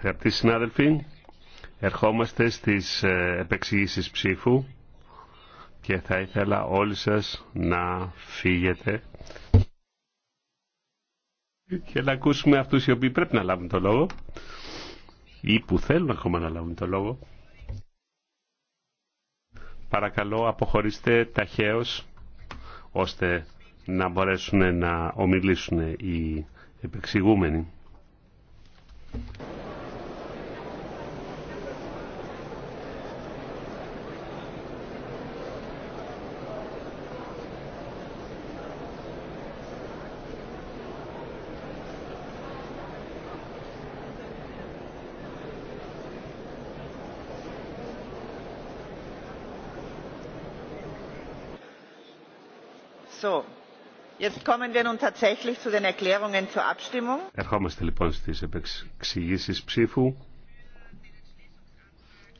Αγαπητοί συνάδελφοι, ερχόμαστε στις ε, επεξηγήσεις ψήφου και θα ήθελα όλοι σας να φύγετε και να ακούσουμε αυτούς οι οποίοι πρέπει να λάβουν το λόγο ή που θέλουν ακόμα να λάβουν το λόγο. Παρακαλώ αποχωρήστε ταχαίως ώστε να μπορέσουν να ομιλήσουν οι επεξηγούμενη. Ερχόμαστε λοιπόν στις εξηγήσεις ψήφου.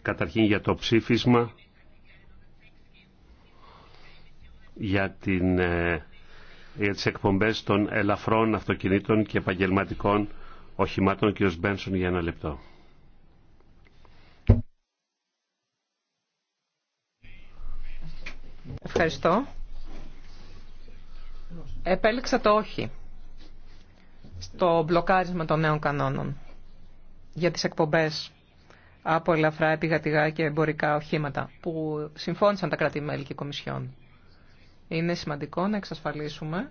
Καταρχήν για το ψήφισμα για, την, ε, για τις εκπομπές των ελαφρών αυτοκινήτων και επαγγελματικών οχημάτων. κύριο Μπένσον για ένα λεπτό. Ευχαριστώ επέλεξα το όχι στο μπλοκάρισμα των νέων κανόνων για τις εκπομπές από ελαφρά επιγατηγά και εμπορικά οχήματα που συμφώνησαν τα κράτη-μέλη και κομισιόν. Είναι σημαντικό να εξασφαλίσουμε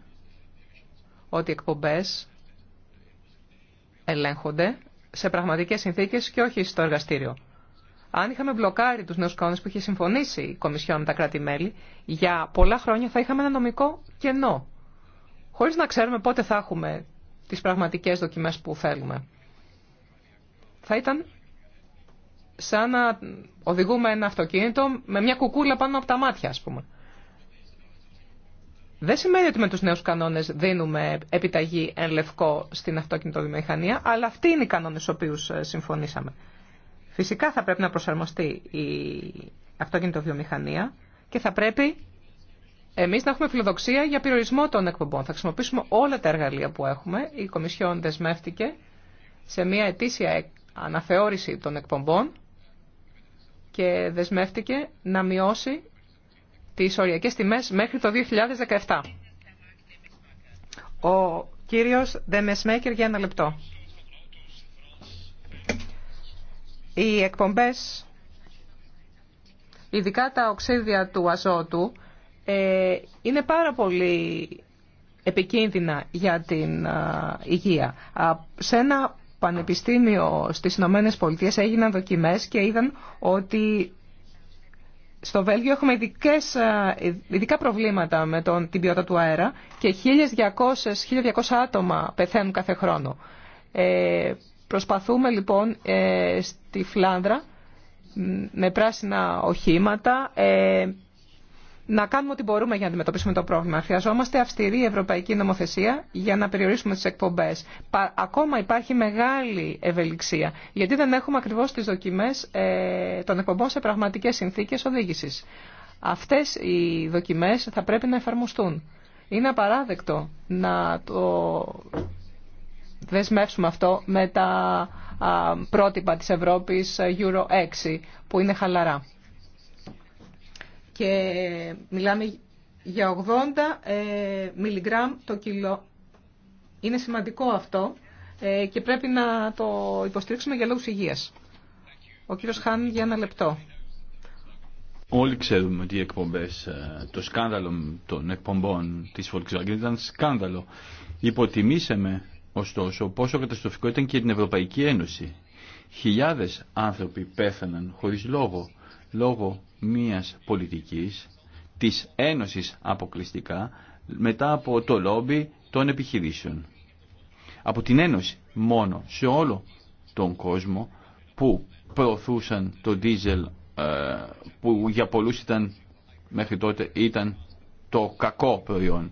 ότι οι εκπομπές ελέγχονται σε πραγματικές συνθήκες και όχι στο εργαστήριο. Αν είχαμε μπλοκάρει τους νέους κανόνες που είχε συμφωνήσει η Κομισιόν με τα κράτη-μέλη, για πολλά χρόνια θα είχαμε ένα νομικό κενό χωρίς να ξέρουμε πότε θα έχουμε τις πραγματικές δοκιμές που θέλουμε. Θα ήταν σαν να οδηγούμε ένα αυτοκίνητο με μια κουκούλα πάνω από τα μάτια, ας πούμε. Δεν σημαίνει ότι με τους νέους κανόνες δίνουμε επιταγή εν λευκό στην αυτοκινητοβιομηχανία, αλλά αυτοί είναι οι κανόνες στους οποίους ε, συμφωνήσαμε. Φυσικά θα πρέπει να προσαρμοστεί η βιομηχανία και θα πρέπει Εμεί να έχουμε φιλοδοξία για περιορισμό των εκπομπών. Θα χρησιμοποιήσουμε όλα τα εργαλεία που έχουμε. Η Κομισιόν δεσμεύτηκε σε μια ετήσια αναθεώρηση των εκπομπών και δεσμεύτηκε να μειώσει τις οριακές τιμές μέχρι το 2017. Ο κύριος Δεμεσμέκερ για ένα λεπτό. Οι εκπομπές, ειδικά τα οξύδια του αζότου, ε, είναι πάρα πολύ επικίνδυνα για την υγεία. Σε ένα πανεπιστήμιο στις Ηνωμένε Πολιτείε έγιναν δοκιμές και είδαν ότι στο Βέλγιο έχουμε ειδικές, ειδικά προβλήματα με τον, την ποιότητα του αέρα και 1.200, 1.200 άτομα πεθαίνουν κάθε χρόνο. Ε, προσπαθούμε λοιπόν ε, στη Φλάνδρα με πράσινα οχήματα, να κάνουμε ό,τι μπορούμε για να αντιμετωπίσουμε το πρόβλημα. Χρειαζόμαστε αυστηρή ευρωπαϊκή νομοθεσία για να περιορίσουμε τι εκπομπέ. Ακόμα υπάρχει μεγάλη ευελιξία, γιατί δεν έχουμε ακριβώ τι δοκιμέ ε, των εκπομπών σε πραγματικέ συνθήκε οδήγηση. Αυτέ οι δοκιμέ θα πρέπει να εφαρμοστούν. Είναι απαράδεκτο να το δεσμεύσουμε αυτό με τα πρότυπα της Ευρώπης ε, Euro 6 που είναι χαλαρά και μιλάμε για 80 ε, μιλιγκράμμ το κιλό. Είναι σημαντικό αυτό ε, και πρέπει να το υποστηρίξουμε για λόγους υγείας. Ο κύριος Χάν για ένα λεπτό. Όλοι ξέρουμε ότι οι εκπομπές, ε, το σκάνδαλο των εκπομπών της Volkswagen ήταν σκάνδαλο. Υποτιμήσαμε ωστόσο πόσο καταστροφικό ήταν και την Ευρωπαϊκή Ένωση. Χιλιάδες άνθρωποι πέθαναν χωρίς λόγο λόγω μιας πολιτικής, της Ένωσης αποκλειστικά, μετά από το λόμπι των επιχειρήσεων. Από την Ένωση μόνο σε όλο τον κόσμο που προωθούσαν το δίζελ ε, που για πολλούς ήταν μέχρι τότε ήταν το κακό προϊόν.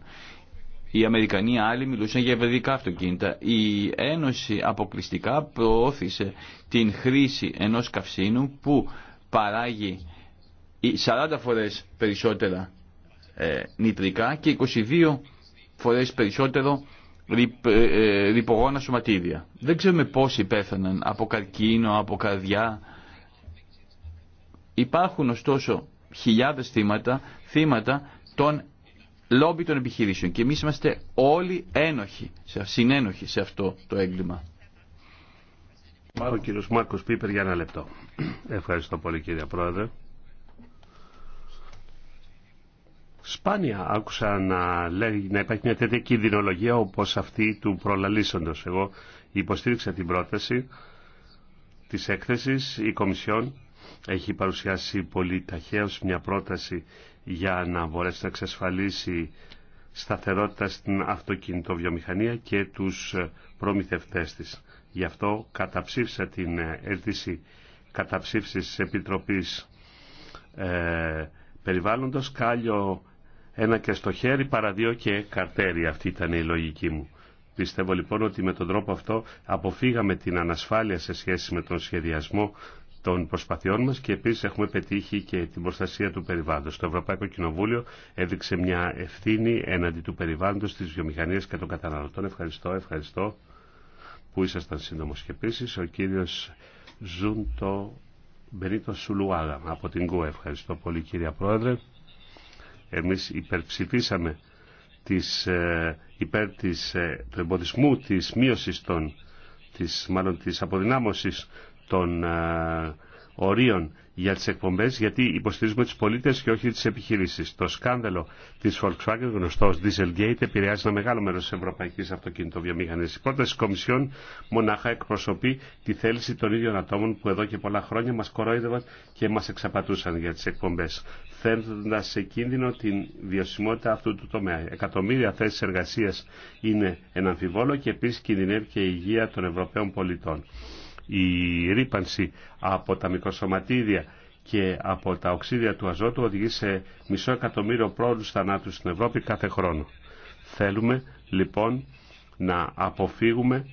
Οι Αμερικανοί άλλοι μιλούσαν για ευρυδικά αυτοκίνητα. Η Ένωση αποκλειστικά προώθησε την χρήση ενός καυσίνου που παράγει 40 φορές περισσότερα ε, νητρικά και 22 φορές περισσότερο ρηπογόνα ε, ε, σωματίδια. Δεν ξέρουμε πόσοι πέθαναν από καρκίνο, από καρδιά. Υπάρχουν ωστόσο χιλιάδες θύματα, θύματα των λόμπι των επιχειρήσεων και εμείς είμαστε όλοι ένοχοι, συνένοχοι σε αυτό το έγκλημα. Ο κύριος Πίπερ για ένα λεπτό. Ευχαριστώ πολύ κύριε Πρόεδρε. Σπάνια άκουσα να, λέει, να υπάρχει μια τέτοια κινδυνολογία όπως αυτή του προλαλήσοντος. Εγώ υποστήριξα την πρόταση της έκθεσης. Η Κομισιόν έχει παρουσιάσει πολύ ταχαίως μια πρόταση για να μπορέσει να εξασφαλίσει σταθερότητα στην αυτοκινητοβιομηχανία και τους προμηθευτές της. Γι' αυτό καταψήφισα την ε, αίτηση καταψήφισης της Επιτροπής ε, Περιβάλλοντος, κάλιο ένα και στο χέρι, δύο και καρτέρι. Αυτή ήταν η λογική μου. Πιστεύω λοιπόν ότι με τον τρόπο αυτό αποφύγαμε την ανασφάλεια σε σχέση με τον σχεδιασμό των προσπαθειών μας και επίσης έχουμε πετύχει και την προστασία του περιβάλλοντος. Το Ευρωπαϊκό Κοινοβούλιο έδειξε μια ευθύνη έναντι του περιβάλλοντος, της βιομηχανίας και των καταναλωτών. Ευχαριστώ, ευχαριστώ που ήσασταν σύντομος και επίση ο κύριος Ζούντο Μπενίτο Σουλουάγα από την ΚΟΕ. Ευχαριστώ πολύ κύριε Πρόεδρε. Εμείς υπερψηφίσαμε της, ε, υπέρ της, ε, του εμποδισμού της μείωσης των, της, μάλλον της αποδυνάμωσης των ε, ορίων για τις εκπομπές γιατί υποστηρίζουμε τους πολίτες και όχι τις επιχειρήσεις. Το σκάνδαλο της Volkswagen γνωστό ως Dieselgate επηρεάζει ένα μεγάλο μέρος της ευρωπαϊκής αυτοκινητοβιομηχανίας. Η πρόταση της Κομισιόν μονάχα εκπροσωπεί τη θέληση των ίδιων ατόμων που εδώ και πολλά χρόνια μας κορόιδευαν και μας εξαπατούσαν για τις εκπομπές θέτοντας σε κίνδυνο την βιωσιμότητα αυτού του τομέα. Εκατομμύρια θέσεις εργασία είναι αμφιβόλο και επίσης κινδυνεύει και η υγεία των Ευρωπαίων πολιτών η ρήπανση από τα μικροσωματίδια και από τα οξύδια του αζότου οδηγεί σε μισό εκατομμύριο πρόοδους θανάτους στην Ευρώπη κάθε χρόνο. Θέλουμε λοιπόν να αποφύγουμε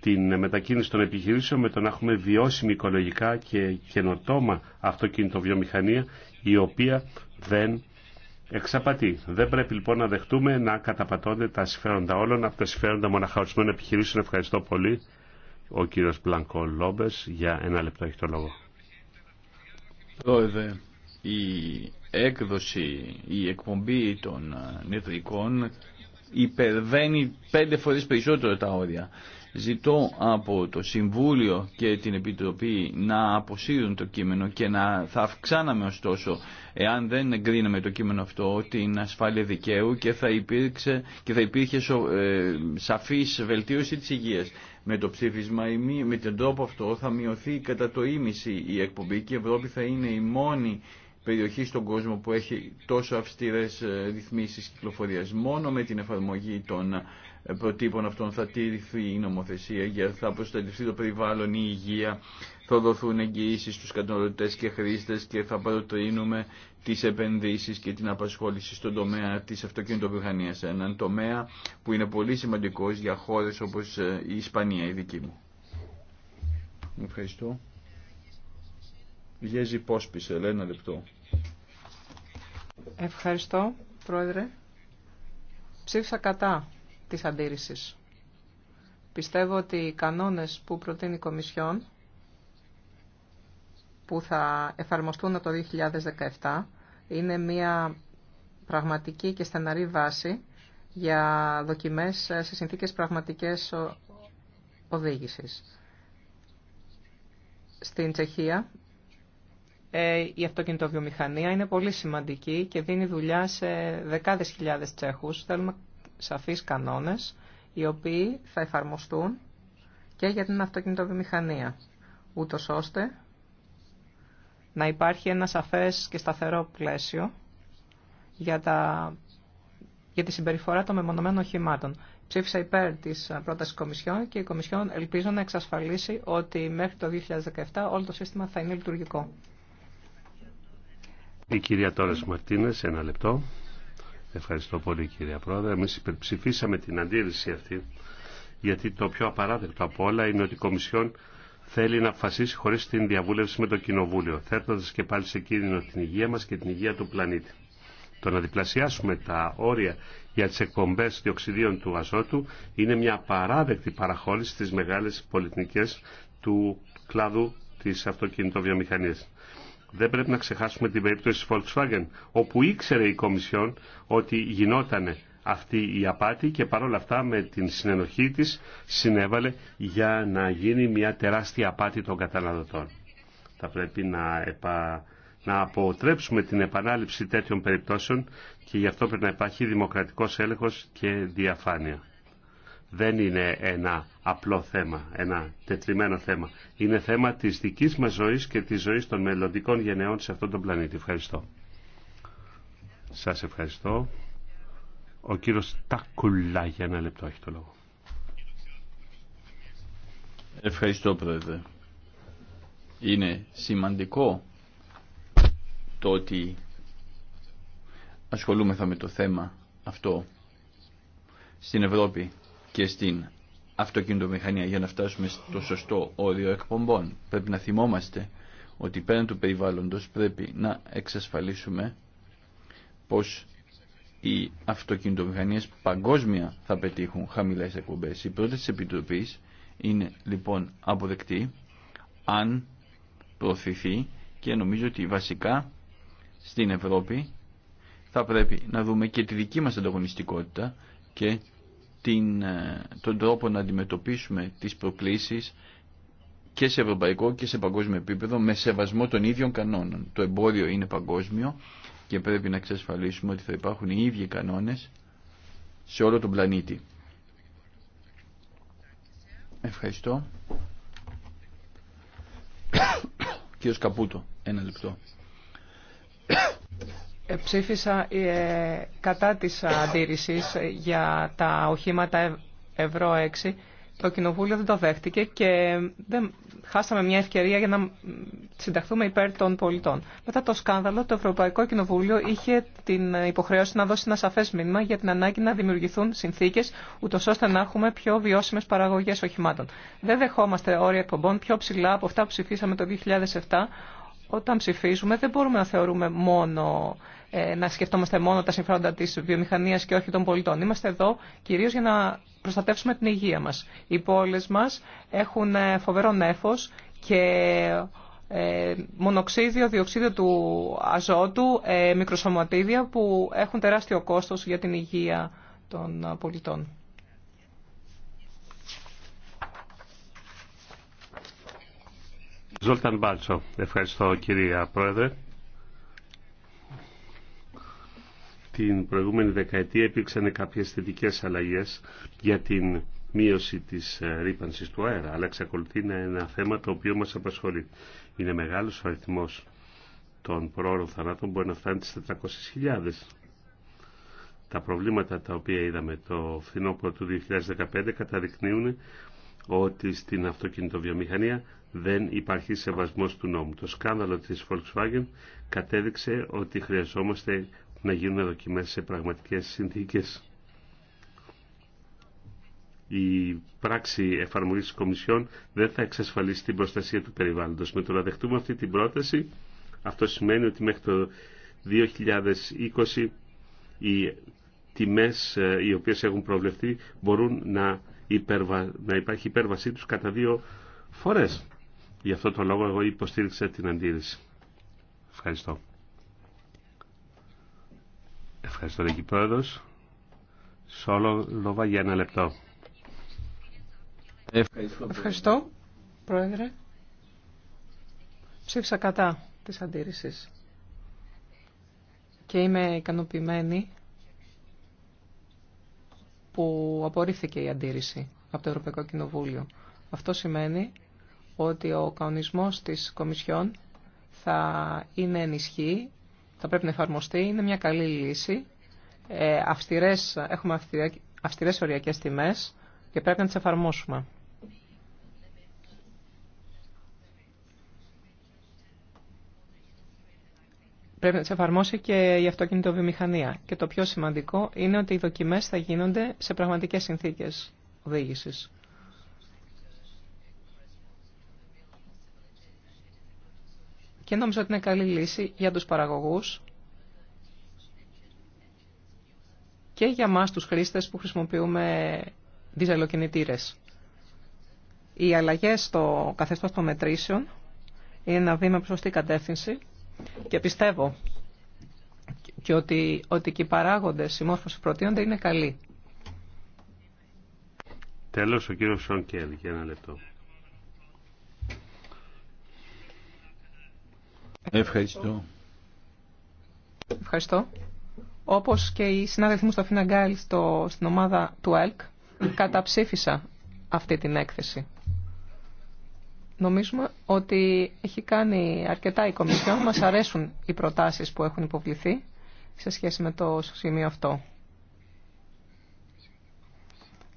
την μετακίνηση των επιχειρήσεων με το να έχουμε βιώσιμη οικολογικά και καινοτόμα αυτοκινητοβιομηχανία η οποία δεν εξαπατεί. Δεν πρέπει λοιπόν να δεχτούμε να καταπατώνται τα συμφέροντα όλων από τα συμφέροντα μοναχαρισμένων επιχειρήσεων. Ευχαριστώ πολύ. Ο κύριος Μπλανκό Λόμπες για ένα λεπτό έχει το λόγο. Πρόεδρε, η έκδοση, η εκπομπή των ε, νετρικών υπερβαίνει πέντε φορές περισσότερο τα όρια. Ζητώ από το Συμβούλιο και την Επιτροπή να αποσύρουν το κείμενο και να θα αυξάναμε ωστόσο, εάν δεν εγκρίναμε το κείμενο αυτό, την ασφάλεια δικαίου και θα, υπήρξε, και θα υπήρχε ε, σαφής βελτίωση της υγείας. Με το ψήφισμα, με τον τρόπο αυτό θα μειωθεί κατά το ίμιση η εκπομπή και η Ευρώπη θα είναι η μόνη περιοχή στον κόσμο που έχει τόσο αυστηρές ε, ρυθμίσεις κυκλοφορίας. Μόνο με την εφαρμογή των προτύπων αυτών θα τήρηθει η νομοθεσία, θα προστατευτεί το περιβάλλον, η υγεία, θα δοθούν εγγυήσεις στους καταναλωτές και χρήστες και θα παροτρύνουμε τις επενδύσεις και την απασχόληση στον τομέα της αυτοκινητοβιομηχανίας. Έναν τομέα που είναι πολύ σημαντικός για χώρες όπως ε, η Ισπανία, η δική μου. Ευχαριστώ. Γέζη Πόσπισε, λέει ένα λεπτό. Ευχαριστώ, Πρόεδρε. Ψήφισα κατά της αντίρρησης. Πιστεύω ότι οι κανόνες που προτείνει η Κομισιόν, που θα εφαρμοστούν από το 2017, είναι μια πραγματική και στεναρή βάση για δοκιμές σε συνθήκες πραγματικές οδήγησης. Στην Τσεχία ε, η αυτοκινητοβιομηχανία είναι πολύ σημαντική και δίνει δουλειά σε δεκάδες χιλιάδες Τσέχους. Θέλουμε σαφείς κανόνες οι οποίοι θα εφαρμοστούν και για την αυτοκινητοβιομηχανία, ούτως ώστε να υπάρχει ένα σαφές και σταθερό πλαίσιο για, τα, για τη συμπεριφορά των μεμονωμένων οχημάτων. Ψήφισα υπέρ της πρότασης Κομισιόν και η Κομισιόν ελπίζω να εξασφαλίσει ότι μέχρι το 2017 όλο το σύστημα θα είναι λειτουργικό. Η κυρία Τόρες Μαρτίνες, ένα λεπτό. Ευχαριστώ πολύ κύριε Πρόεδρε. Εμείς υπερψηφίσαμε την αντίρρηση αυτή γιατί το πιο απαράδεκτο από όλα είναι ότι η Κομισιόν θέλει να αποφασίσει χωρίς την διαβούλευση με το Κοινοβούλιο, θέτοντας και πάλι σε κίνδυνο την υγεία μας και την υγεία του πλανήτη. Το να διπλασιάσουμε τα όρια για τις εκπομπές διοξιδίων του αζότου είναι μια απαράδεκτη παραχώρηση στις μεγάλες πολιτικές του κλάδου της αυτοκινητοβιομηχανίας. Δεν πρέπει να ξεχάσουμε την περίπτωση της Volkswagen, όπου ήξερε η Κομισιόν ότι γινόταν αυτή η απάτη και παρόλα αυτά με την συνενοχή της συνέβαλε για να γίνει μια τεράστια απάτη των καταναλωτών. Θα πρέπει να, επα... να αποτρέψουμε την επανάληψη τέτοιων περιπτώσεων και γι' αυτό πρέπει να υπάρχει δημοκρατικός έλεγχος και διαφάνεια δεν είναι ένα απλό θέμα, ένα τετριμένο θέμα. Είναι θέμα της δικής μας ζωής και της ζωής των μελλοντικών γενεών σε αυτόν τον πλανήτη. Ευχαριστώ. Σας ευχαριστώ. Ο κύριος Τακουλά για ένα λεπτό έχει το λόγο. Ευχαριστώ πρόεδρε. Είναι σημαντικό το ότι ασχολούμεθα με το θέμα αυτό στην Ευρώπη και στην αυτοκινητομηχανία για να φτάσουμε στο σωστό όριο εκπομπών. Πρέπει να θυμόμαστε ότι πέραν του περιβάλλοντος πρέπει να εξασφαλίσουμε πως οι αυτοκινητομηχανίες παγκόσμια θα πετύχουν χαμηλές εκπομπές. Η πρώτη της Επιτροπής είναι λοιπόν αποδεκτή αν προωθηθεί και νομίζω ότι βασικά στην Ευρώπη θα πρέπει να δούμε και τη δική μας ανταγωνιστικότητα και την, ε, τον τρόπο να αντιμετωπίσουμε τις προκλήσεις και σε ευρωπαϊκό και σε παγκόσμιο επίπεδο με σεβασμό των ίδιων κανόνων. Το εμπόριο είναι παγκόσμιο και πρέπει να εξασφαλίσουμε ότι θα υπάρχουν οι ίδιοι κανόνες σε όλο τον πλανήτη. Ευχαριστώ. Κύριο Καπούτο, ένα λεπτό. Ψήφισα ε, κατά της αντίρρησης ε, για τα οχήματα ευρώ 6. Το Κοινοβούλιο δεν το δέχτηκε και δεν χάσαμε μια ευκαιρία για να συνταχθούμε υπέρ των πολιτών. Μετά το σκάνδαλο, το Ευρωπαϊκό Κοινοβούλιο είχε την υποχρέωση να δώσει ένα σαφές μήνυμα για την ανάγκη να δημιουργηθούν συνθήκες ούτω ώστε να έχουμε πιο βιώσιμε παραγωγέ οχημάτων. Δεν δεχόμαστε όρια εκπομπών πιο ψηλά από αυτά που ψηφίσαμε το 2007. Όταν ψηφίζουμε, δεν μπορούμε να θεωρούμε μόνο ε, να σκεφτόμαστε μόνο τα συμφέροντα της βιομηχανίας και όχι των πολιτών. Είμαστε εδώ κυρίως για να προστατεύσουμε την υγεία μας. Οι πόλεις μας έχουν ε, φοβερό νέφο και ε, μονοξίδιο, διοξίδιο του αζότου, μικροσωματίδια που έχουν τεράστιο κόστος για την υγεία των πολιτών. Ζολταν Μπάλτσο. Ευχαριστώ κυρία Πρόεδρε. την προηγούμενη δεκαετία υπήρξαν κάποιες θετικέ αλλαγές για την μείωση της ε, ρήπανσης του αέρα, αλλά εξακολουθεί να είναι ένα θέμα το οποίο μας απασχολεί. Είναι μεγάλος ο αριθμός των προώρων θανάτων, μπορεί να φτάνει τις 400.000. Τα προβλήματα τα οποία είδαμε το φθινόπωρο του 2015 καταδεικνύουν ότι στην αυτοκινητοβιομηχανία δεν υπάρχει σεβασμός του νόμου. Το σκάνδαλο της Volkswagen κατέδειξε ότι χρειαζόμαστε να γίνουν δοκιμές σε πραγματικές συνθήκες. Η πράξη εφαρμογής της Κομισιόν δεν θα εξασφαλίσει την προστασία του περιβάλλοντος. Με το να δεχτούμε αυτή την πρόταση, αυτό σημαίνει ότι μέχρι το 2020 οι τιμές ε, οι οποίες έχουν προβλεφθεί μπορούν να, υπάρχει υπέρβασή τους κατά δύο φορές. Γι' αυτό το λόγο εγώ υποστήριξα την αντίρρηση. Ευχαριστώ. Ευχαριστώ, Ρίκη Πρόεδρος. Σόλο Λόβα για ένα λεπτό. Ευχαριστώ, Πρόεδρε. Ψήφισα κατά της αντίρρησης και είμαι ικανοποιημένη που απορρίφθηκε η αντίρρηση από το Ευρωπαϊκό Κοινοβούλιο. Αυτό σημαίνει ότι ο καονισμός της Κομισιόν θα είναι ενισχύ θα πρέπει να εφαρμοστεί. Είναι μια καλή λύση. Ε, έχουμε αυστηρές οριακές τιμές και πρέπει να τις εφαρμόσουμε. Πρέπει να τις εφαρμόσει και η αυτοκινητοβιομηχανία. Και το πιο σημαντικό είναι ότι οι δοκιμές θα γίνονται σε πραγματικές συνθήκες οδήγησης. και νόμιζα ότι είναι καλή λύση για τους παραγωγούς και για μας τους χρήστες που χρησιμοποιούμε διζελοκινητήρες. Οι αλλαγές στο καθεστώς των μετρήσεων είναι ένα βήμα προς σωστή κατεύθυνση και πιστεύω και ότι, ότι και οι παράγοντες, η μόρφωση προτείνονται είναι καλή. Τέλος, ο κύριος για ένα λεπτό. Ευχαριστώ. Ευχαριστώ. Όπως και οι συνάδελφοί μου στο Φιναγκάλ στο, στην ομάδα του ΕΛΚ, καταψήφισα αυτή την έκθεση. Νομίζουμε ότι έχει κάνει αρκετά η Κομισιόν. Μας αρέσουν οι προτάσεις που έχουν υποβληθεί σε σχέση με το σημείο αυτό.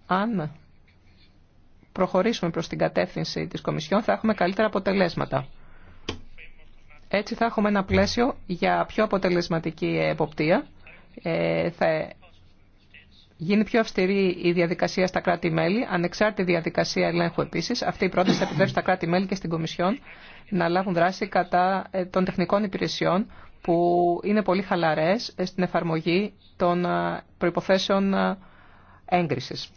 Αν προχωρήσουμε προς την κατεύθυνση της Κομισιόν θα έχουμε καλύτερα αποτελέσματα. Έτσι θα έχουμε ένα πλαίσιο για πιο αποτελεσματική εποπτεία. Ε, θα γίνει πιο αυστηρή η διαδικασία στα κράτη-μέλη, ανεξάρτητη διαδικασία ελέγχου επίση. Αυτή η πρόταση θα επιτρέψει στα κράτη-μέλη και στην Κομισιόν να λάβουν δράση κατά ε, των τεχνικών υπηρεσιών που είναι πολύ χαλαρές ε, στην εφαρμογή των προϋποθέσεων έγκρισης.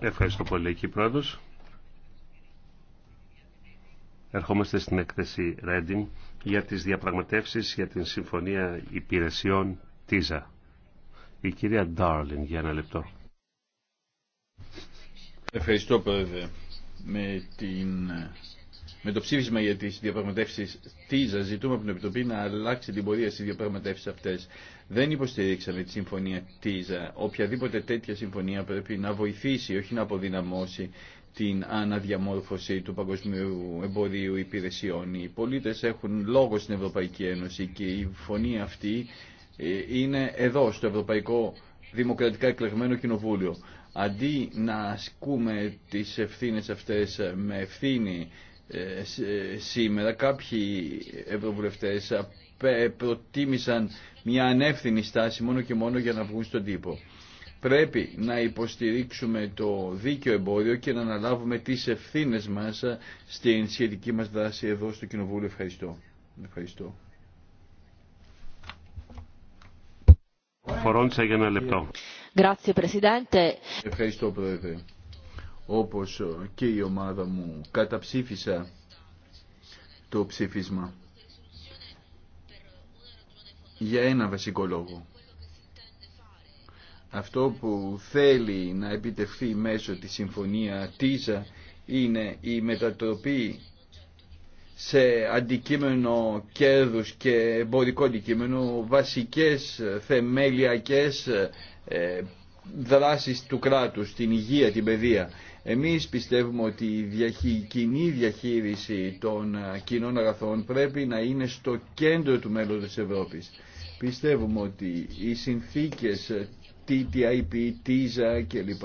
Ευχαριστώ πολύ, κύριε πρόεδρος ερχόμαστε στην έκθεση Reading για τις διαπραγματεύσεις για την Συμφωνία Υπηρεσιών ΤΙΖΑ. Η κυρία Ντάρλιν για ένα λεπτό. Ευχαριστώ πρόεδρε. Με, την... με το ψήφισμα για τις διαπραγματεύσεις ΤΙΖΑ ζητούμε από την Επιτροπή να αλλάξει την πορεία στις διαπραγματεύσεις αυτές. Δεν υποστηρίξαμε τη συμφωνία ΤΙΖΑ. Οποιαδήποτε τέτοια συμφωνία πρέπει να βοηθήσει, όχι να αποδυναμώσει την αναδιαμόρφωση του παγκοσμίου εμπορίου υπηρεσιών. Οι πολίτες έχουν λόγο στην Ευρωπαϊκή Ένωση και η φωνή αυτή ε, είναι εδώ, στο Ευρωπαϊκό Δημοκρατικά Εκλεγμένο Κοινοβούλιο. Αντί να ασκούμε τις ευθύνες αυτές με ευθύνη ε, ε, σήμερα, κάποιοι ευρωβουλευτές προτίμησαν μια ανεύθυνη στάση μόνο και μόνο για να βγουν στον τύπο. Πρέπει να υποστηρίξουμε το δίκαιο εμπόριο και να αναλάβουμε τις ευθύνες μας στην σχετική μας δράση εδώ στο Κοινοβούλιο. Ευχαριστώ. Ευχαριστώ. για λεπτό. Ευχαριστώ Πρόεδρε. Όπως και η ομάδα μου καταψήφισα το ψήφισμα για ένα βασικό λόγο αυτό που θέλει να επιτευχθεί μέσω της συμφωνία ΤΙΖΑ είναι η μετατροπή σε αντικείμενο κέρδους και εμπορικό αντικείμενο βασικές θεμελιακές ε, δράσεις του κράτους, την υγεία, την παιδεία. Εμείς πιστεύουμε ότι η κοινή διαχείριση των ε, κοινών αγαθών πρέπει να είναι στο κέντρο του μέλλοντος της Ευρώπης. Πιστεύουμε ότι οι συνθήκες TTIP, TISA κλπ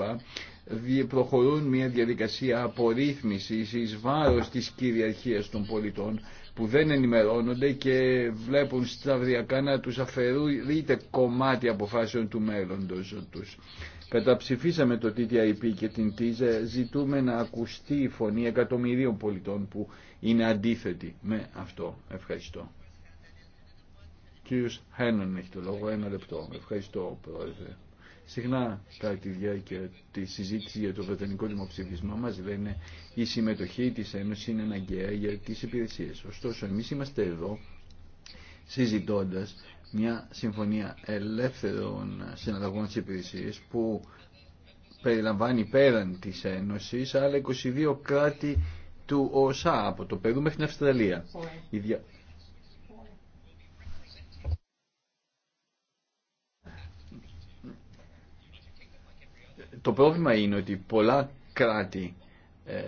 προχωρούν μια διαδικασία απορρίθμισης εις βάρος της κυριαρχίας των πολιτών που δεν ενημερώνονται και βλέπουν σταυριακά να τους αφαιρούνται κομμάτι αποφάσεων του μέλλοντος τους. Καταψηφίσαμε το TTIP και την TISA, ζητούμε να ακουστεί η φωνή εκατομμυρίων πολιτών που είναι αντίθετοι με αυτό. Ευχαριστώ. Κύριος Χένον έχει το λόγο, ένα λεπτό. Ευχαριστώ, Πρόεδρε συχνά κατά τη διάρκεια τη συζήτηση για το βρετανικό δημοψήφισμα μας λένε η συμμετοχή της Ένωση είναι αναγκαία για τις υπηρεσίε. Ωστόσο εμεί είμαστε εδώ συζητώντα μια συμφωνία ελεύθερων συναλλαγών της υπηρεσίες που περιλαμβάνει πέραν της Ένωσης άλλα 22 κράτη του ΟΣΑ από το Περού μέχρι την Αυστραλία. Το πρόβλημα είναι ότι πολλά κράτη ε,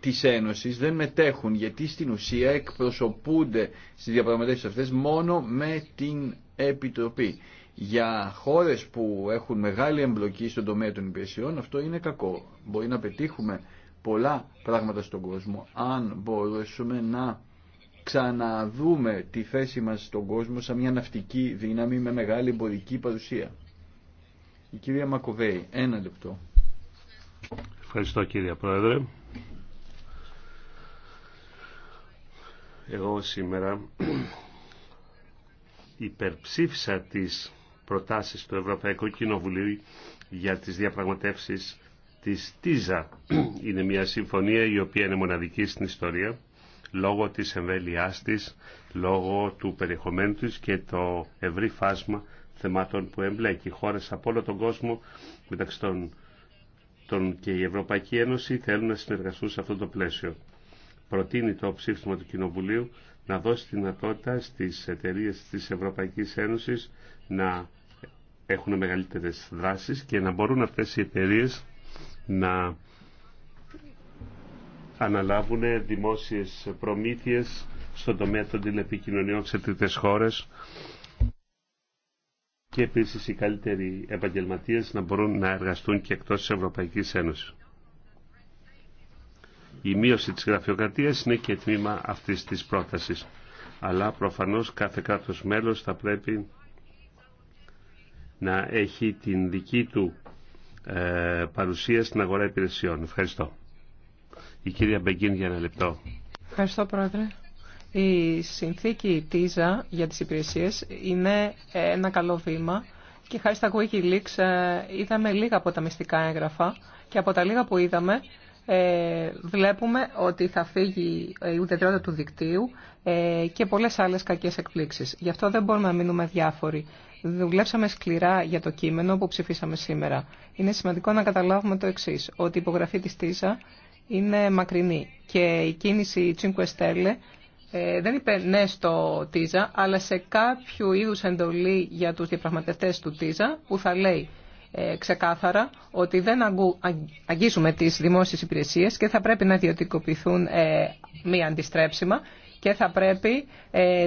της Ένωσης δεν μετέχουν γιατί στην ουσία εκπροσωπούνται στις διαπραγματεύσεις αυτές μόνο με την Επιτροπή. Για χώρες που έχουν μεγάλη εμπλοκή στον τομέα των υπηρεσιών αυτό είναι κακό. Μπορεί να πετύχουμε πολλά πράγματα στον κόσμο αν μπορέσουμε να ξαναδούμε τη θέση μας στον κόσμο σαν μια ναυτική δύναμη με μεγάλη εμπορική παρουσία. Η κυρία Μακοβέη, ένα λεπτό. Ευχαριστώ κύριε Πρόεδρε. Εγώ σήμερα υπερψήφισα τις προτάσεις του Ευρωπαϊκού Κοινοβουλίου για τις διαπραγματεύσεις της ΤΙΖΑ. Είναι μια συμφωνία η οποία είναι μοναδική στην ιστορία λόγω της εμβέλειάς της, λόγω του περιεχομένου της και το ευρύ φάσμα θεμάτων που εμπλέκει. Χώρες από όλο τον κόσμο, μεταξύ των, και η Ευρωπαϊκή Ένωση, θέλουν να συνεργαστούν σε αυτό το πλαίσιο. Προτείνει το ψήφισμα του Κοινοβουλίου να δώσει τη δυνατότητα στις εταιρείες της Ευρωπαϊκής Ένωσης να έχουν μεγαλύτερες δράσεις και να μπορούν αυτές οι εταιρείε να αναλάβουν δημόσιες προμήθειες στον τομέα των τηλεπικοινωνιών σε τρίτες χώρες και επίσης οι καλύτεροι επαγγελματίες να μπορούν να εργαστούν και εκτός της Ευρωπαϊκής Ένωσης. Η μείωση της γραφειοκρατίας είναι και τμήμα αυτής της πρότασης. Αλλά προφανώς κάθε κράτος μέλος θα πρέπει να έχει την δική του ε, παρουσία στην αγορά υπηρεσιών. Ευχαριστώ. Η κυρία Μπεγκίν για ένα λεπτό. Ευχαριστώ πρόεδρε. Η συνθήκη ΤΙΖΑ για τις υπηρεσίες είναι ένα καλό βήμα και χάρη στα Wikileaks ε, είδαμε λίγα από τα μυστικά έγγραφα και από τα λίγα που είδαμε ε, βλέπουμε ότι θα φύγει η ουδετερότητα του δικτύου ε, και πολλές άλλες κακές εκπλήξεις. Γι' αυτό δεν μπορούμε να μείνουμε διάφοροι. Δουλέψαμε σκληρά για το κείμενο που ψηφίσαμε σήμερα. Είναι σημαντικό να καταλάβουμε το εξή ότι η υπογραφή της ΤΙΖΑ είναι μακρινή και η κίνηση Cinque Stelle ε, δεν είπε ναι στο ΤΙΖΑ, αλλά σε κάποιο είδους εντολή για τους διαπραγματευτές του ΤΙΖΑ που θα λέει ε, ξεκάθαρα ότι δεν αγγίζουμε τις δημόσιες υπηρεσίες και θα πρέπει να ιδιωτικοποιηθούν ε, μία αντιστρέψιμα και θα πρέπει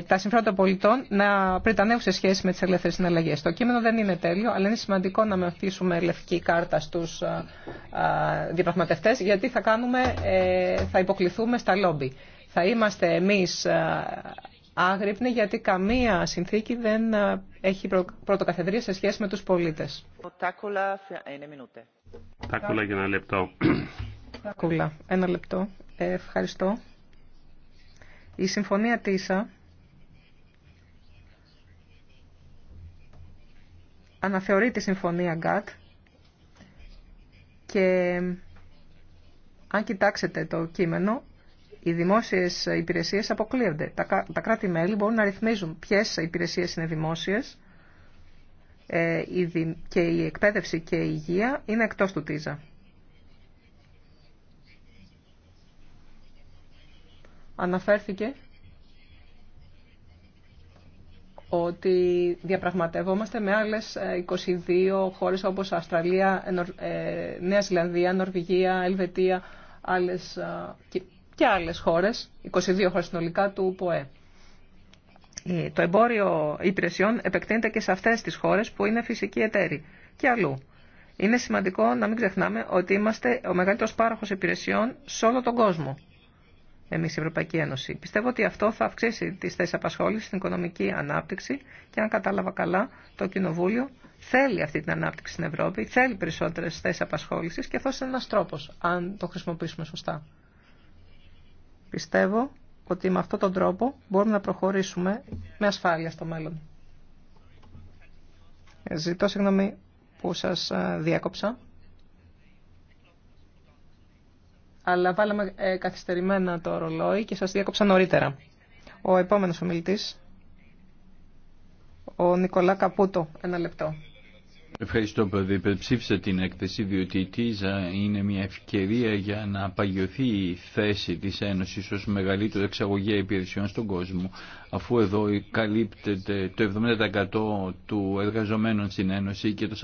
τα συμφέροντα των πολιτών να πρετανεύουν σε σχέση με τις ελεύθερες συναλλαγές. Το κείμενο δεν είναι τέλειο, αλλά είναι σημαντικό να με αφήσουμε λευκή κάρτα στου διαπραγματευτέ, γιατί θα, κάνουμε, θα υποκληθούμε στα λόμπι θα είμαστε εμείς ε, άγρυπνοι γιατί καμία συνθήκη δεν ε, έχει πρωτοκαθεδρία σε σχέση με τους πολίτες. Τάκουλα ε, για ένα λεπτό. Τάκουλα, ένα λεπτό. ευχαριστώ. Η συμφωνία ΤΙΣΑ αναθεωρεί τη συμφωνία ΓΚΑΤ και αν κοιτάξετε το κείμενο οι δημόσιες υπηρεσίες αποκλείονται. Τα κράτη-μέλη μπορούν να ρυθμίζουν ποιες υπηρεσίες είναι δημόσιες ε, και η εκπαίδευση και η υγεία είναι εκτός του ΤΙΖΑ. Αναφέρθηκε ότι διαπραγματευόμαστε με άλλες 22 ε, χώρες όπως Αυστραλία, ε, Νέα Ζηλανδία, Νορβηγία, Ελβετία, άλλες και άλλες χώρες, 22 χώρες συνολικά του ΠΟΕ. Ε, το εμπόριο υπηρεσιών επεκτείνεται και σε αυτές τις χώρες που είναι φυσικοί εταίροι και αλλού. Είναι σημαντικό να μην ξεχνάμε ότι είμαστε ο μεγαλύτερος πάροχος υπηρεσιών σε όλο τον κόσμο. Εμεί, η Ευρωπαϊκή Ένωση. Πιστεύω ότι αυτό θα αυξήσει τι θέσει απασχόληση, στην οικονομική ανάπτυξη και αν κατάλαβα καλά, το Κοινοβούλιο θέλει αυτή την ανάπτυξη στην Ευρώπη, θέλει περισσότερε θέσει απασχόληση και αυτό είναι ένα τρόπο, αν το χρησιμοποιήσουμε σωστά. Πιστεύω ότι με αυτόν τον τρόπο μπορούμε να προχωρήσουμε με ασφάλεια στο μέλλον. Ζητώ συγγνώμη που σας ε, διάκοψα. Αλλά βάλαμε ε, καθυστερημένα το ρολόι και σας διάκοψα νωρίτερα. Ο επόμενος ομιλητής, ο Νικολά Καπούτο, ένα λεπτό. Ευχαριστώ που Υπερψήφισα την έκθεση διότι η ΤΙΖΑ είναι μια ευκαιρία για να απαγιωθεί η θέση της Ένωσης ως μεγαλύτερη εξαγωγή υπηρεσιών στον κόσμο αφού εδώ καλύπτεται το 70% του εργαζομένων στην Ένωση και το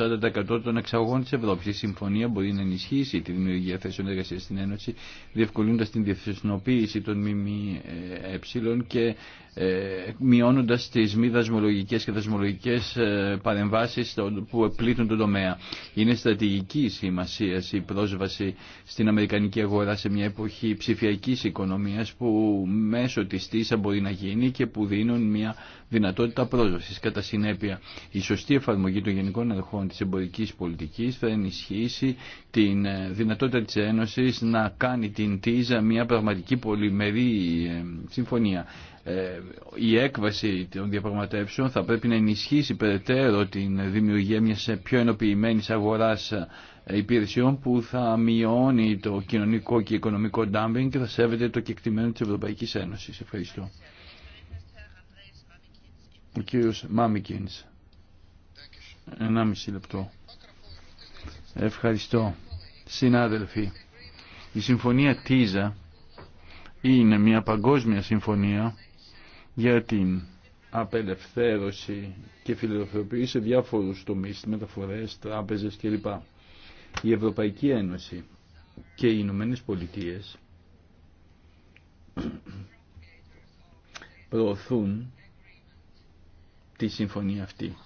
40% των εξαγωγών της Ευρώπης. Η συμφωνία μπορεί να ενισχύσει τη δημιουργία θέσεων εργασίας στην Ένωση, διευκολύνοντας την διευθυνοποίηση των ΜΜΕ και ε, μειώνοντας τις μη δασμολογικές και δασμολογικές ε, παρεμβάσεις που πλήττουν τον τομέα. Είναι στρατηγική σημασία η πρόσβαση στην Αμερικανική αγορά σε μια εποχή ψηφιακής οικονομίας που μέσω της ΤΙΣΑ μπορεί να γίνει και που που δίνουν μια δυνατότητα πρόσβαση. Κατά συνέπεια, η σωστή εφαρμογή των γενικών αρχών τη εμπορική πολιτική, θα ενισχύσει την ε, δυνατότητα τη Ένωση να κάνει την ΤΙΖΑ μια πραγματική πολυμερή ε, συμφωνία. Ε, η έκβαση των διαπραγματεύσεων θα πρέπει να ενισχύσει περαιτέρω την δημιουργία μια πιο ενοποιημένη αγορά υπηρεσιών που θα μειώνει το κοινωνικό και οικονομικό ντάμπινγκ και θα σέβεται το κεκτημένο της Ευρωπαϊκής Ένωσης. Ευχαριστώ. Ο κύριος Μάμικινς. μισή λεπτό. Ευχαριστώ. Συνάδελφοι, η συμφωνία Τίζα είναι μια παγκόσμια συμφωνία για την απελευθέρωση και φιλελευθερωποιεί σε διάφορους τομείς, μεταφορές, τράπεζες κλπ. Η Ευρωπαϊκή Ένωση και οι Ηνωμένε Πολιτείες προωθούν τη συμφωνία αυτή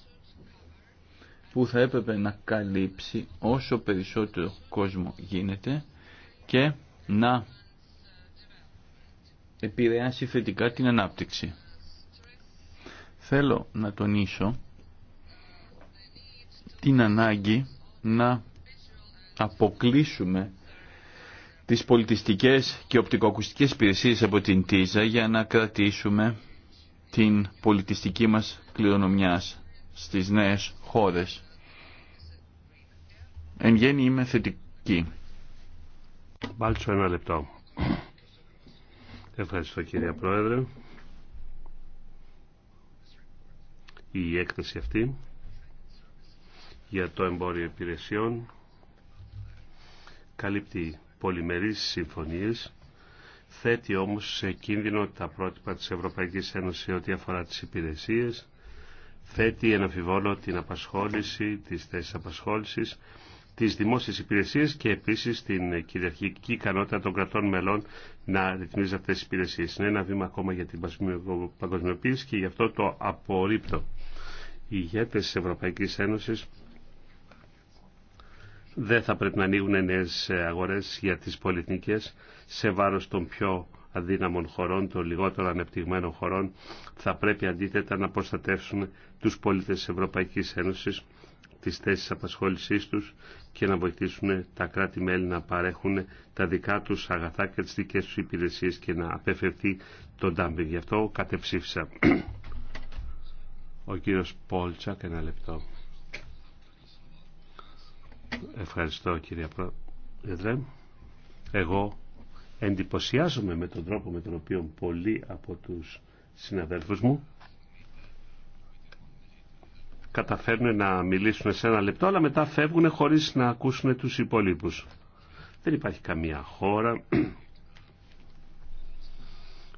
που θα έπρεπε να καλύψει όσο περισσότερο κόσμο γίνεται και να επηρεάσει θετικά την ανάπτυξη. Θέλω να τονίσω την ανάγκη να αποκλείσουμε τις πολιτιστικές και οπτικοακουστικές υπηρεσίες από την ΤΙΖΑ για να κρατήσουμε την πολιτιστική μας κληρονομιάς στις νέες χώρες. Εν γέννη είμαι θετική. ένα λεπτό. Ευχαριστώ κύριε Πρόεδρε. Η έκθεση αυτή για το εμπόριο υπηρεσιών καλύπτει πολυμερείς συμφωνίες θέτει όμως σε κίνδυνο τα πρότυπα της Ευρωπαϊκής Ένωσης ό,τι αφορά τις υπηρεσίες θέτει ένα αμφιβόλο την απασχόληση, τις θέσεις απασχόλησης, τις δημόσιες υπηρεσίες και επίσης την κυριαρχική ικανότητα των κρατών μελών να ρυθμίζει αυτές τις υπηρεσίες. Είναι ένα βήμα ακόμα για την παγκοσμιοποίηση και γι' αυτό το απορρίπτω. Οι ηγέτες της Ευρωπαϊκής Ένωσης δεν θα πρέπει να ανοίγουν νέες αγορές για τις πολιτικές σε βάρος των πιο αδύναμων χωρών, των λιγότερο ανεπτυγμένων χωρών, θα πρέπει αντίθετα να προστατεύσουν τους πολίτες της Ευρωπαϊκής Ένωσης, τις θέσεις απασχόλησής τους και να βοηθήσουν τα κράτη-μέλη να παρέχουν τα δικά τους αγαθά και τις δικές του υπηρεσίες και να απεφευθεί το ντάμπινγκ. Γι' αυτό κατεψήφισα. Ο κύριος Πόλτσακ, ένα λεπτό. Ευχαριστώ κύριε Πρόεδρε. Εγώ εντυπωσιάζομαι με τον τρόπο με τον οποίο πολλοί από τους συναδέλφους μου καταφέρνουν να μιλήσουν σε ένα λεπτό αλλά μετά φεύγουν χωρίς να ακούσουν τους υπολείπους. Δεν υπάρχει καμία χώρα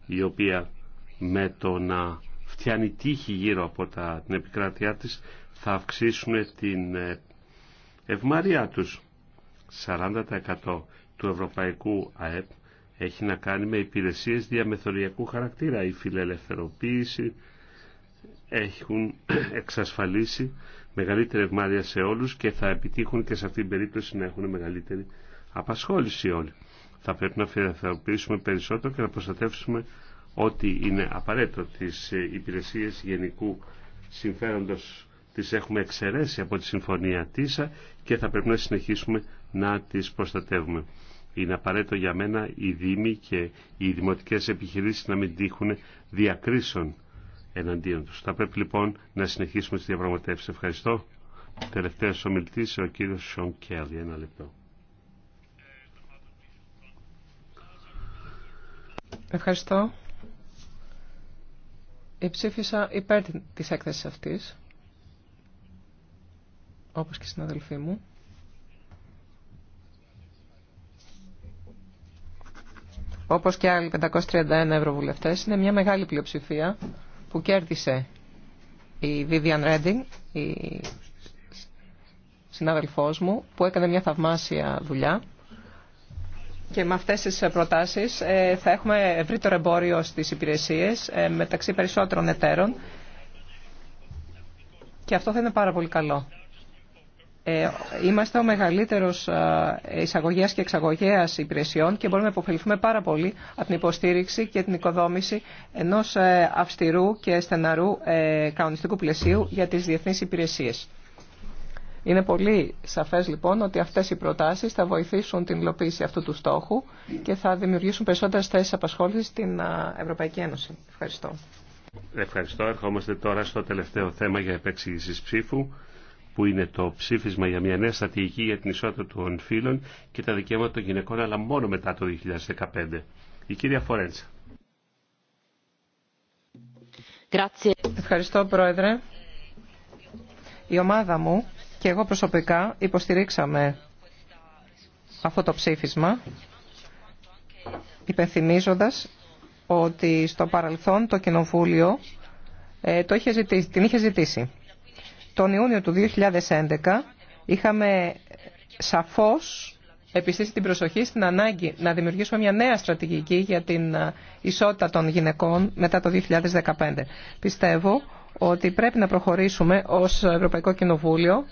η οποία με το να φτιάνει τείχη γύρω από τα, την επικράτειά της θα αυξήσουν την ε, ευμαρία τους. 40% του ευρωπαϊκού ΑΕΠ έχει να κάνει με υπηρεσίες διαμεθοριακού χαρακτήρα. Η φιλελευθεροποίηση έχουν εξασφαλίσει μεγαλύτερη ευμάρεια σε όλους και θα επιτύχουν και σε αυτήν την περίπτωση να έχουν μεγαλύτερη απασχόληση όλοι. Θα πρέπει να φιλελευθερωποιήσουμε περισσότερο και να προστατεύσουμε ό,τι είναι απαραίτητο. Τις ε, υπηρεσίες γενικού συμφέροντος τις έχουμε εξαιρέσει από τη Συμφωνία ΤΙΣΑ και θα πρέπει να συνεχίσουμε να τις προστατεύουμε. Είναι απαραίτητο για μένα οι Δήμοι και οι δημοτικές επιχειρήσεις να μην τύχουν διακρίσεων εναντίον τους. Θα πρέπει λοιπόν να συνεχίσουμε τις διαπραγματεύσεις. Ευχαριστώ. Τελευταίος ομιλητής ο κύριος Σον Κέλλη. Ένα λεπτό. Ευχαριστώ. Υψήφισα υπέρ της έκθεσης αυτής, όπως και οι συναδελφοί μου. όπως και άλλοι 531 ευρωβουλευτές, είναι μια μεγάλη πλειοψηφία που κέρδισε η Vivian Redding, η συνάδελφός μου, που έκανε μια θαυμάσια δουλειά. Και με αυτές τις προτάσεις ε, θα έχουμε ευρύτερο εμπόριο στις υπηρεσίες ε, μεταξύ περισσότερων εταίρων και αυτό θα είναι πάρα πολύ καλό. Ε, είμαστε ο μεγαλύτερος ε, εισαγωγέας και εξαγωγέας υπηρεσιών και μπορούμε να υποφεληθούμε πάρα πολύ από την υποστήριξη και την οικοδόμηση ενός ε, αυστηρού και στεναρού κανονιστικού πλαισίου για τις διεθνείς υπηρεσίες. Είναι πολύ σαφές λοιπόν ότι αυτές οι προτάσεις θα βοηθήσουν την υλοποίηση αυτού του στόχου και θα δημιουργήσουν περισσότερες θέσεις απασχόλησης στην Ευρωπαϊκή Ένωση. Ευχαριστώ. Ευχαριστώ. Ερχόμαστε τώρα στο τελευταίο θέμα για επεξήγηση ψήφου που είναι το ψήφισμα για μια νέα στρατηγική για την ισότητα των φύλων και τα δικαιώματα των γυναικών, αλλά μόνο μετά το 2015. Η κυρία Φορέντσα. Ευχαριστώ, Πρόεδρε. Η ομάδα μου και εγώ προσωπικά υποστηρίξαμε αυτό το ψήφισμα, υπενθυμίζοντας ότι στο παρελθόν το Κοινοβούλιο ε, το είχε ζητήσει, την είχε ζητήσει τον Ιούνιο του 2011 είχαμε σαφώς επιστήσει την προσοχή στην ανάγκη να δημιουργήσουμε μια νέα στρατηγική για την ε, ισότητα των γυναικών μετά το 2015. Πιστεύω ότι πρέπει να προχωρήσουμε ως Ευρωπαϊκό Κοινοβούλιο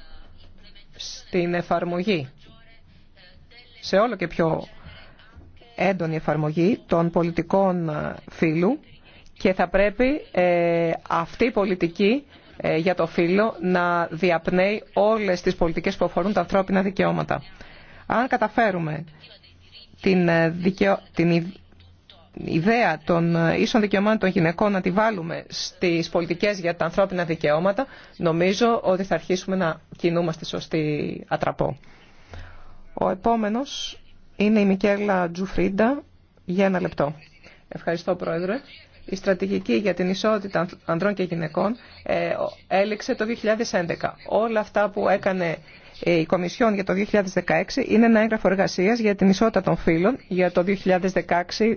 στην εφαρμογή, σε όλο και πιο έντονη εφαρμογή των πολιτικών ε, φύλου και θα πρέπει ε, αυτή η πολιτική ε, για το φύλλο να διαπνέει όλες τις πολιτικές που αφορούν τα ανθρώπινα δικαιώματα. Αν καταφέρουμε την, ε, την ιδέα των ε, ίσων δικαιωμάτων των γυναικών να τη βάλουμε στις πολιτικές για τα ανθρώπινα δικαιώματα, νομίζω ότι θα αρχίσουμε να κινούμαστε σωστή ατραπό. Ο επόμενος είναι η Μικέλα Τζουφρίντα για ένα λεπτό. Ευχαριστώ, Πρόεδρε η στρατηγική για την ισότητα ανδρών και γυναικών ε, έληξε το 2011. Όλα αυτά που έκανε ε, η Κομισιόν για το 2016 είναι ένα έγγραφο εργασίας για την ισότητα των φύλων για το 2016-19.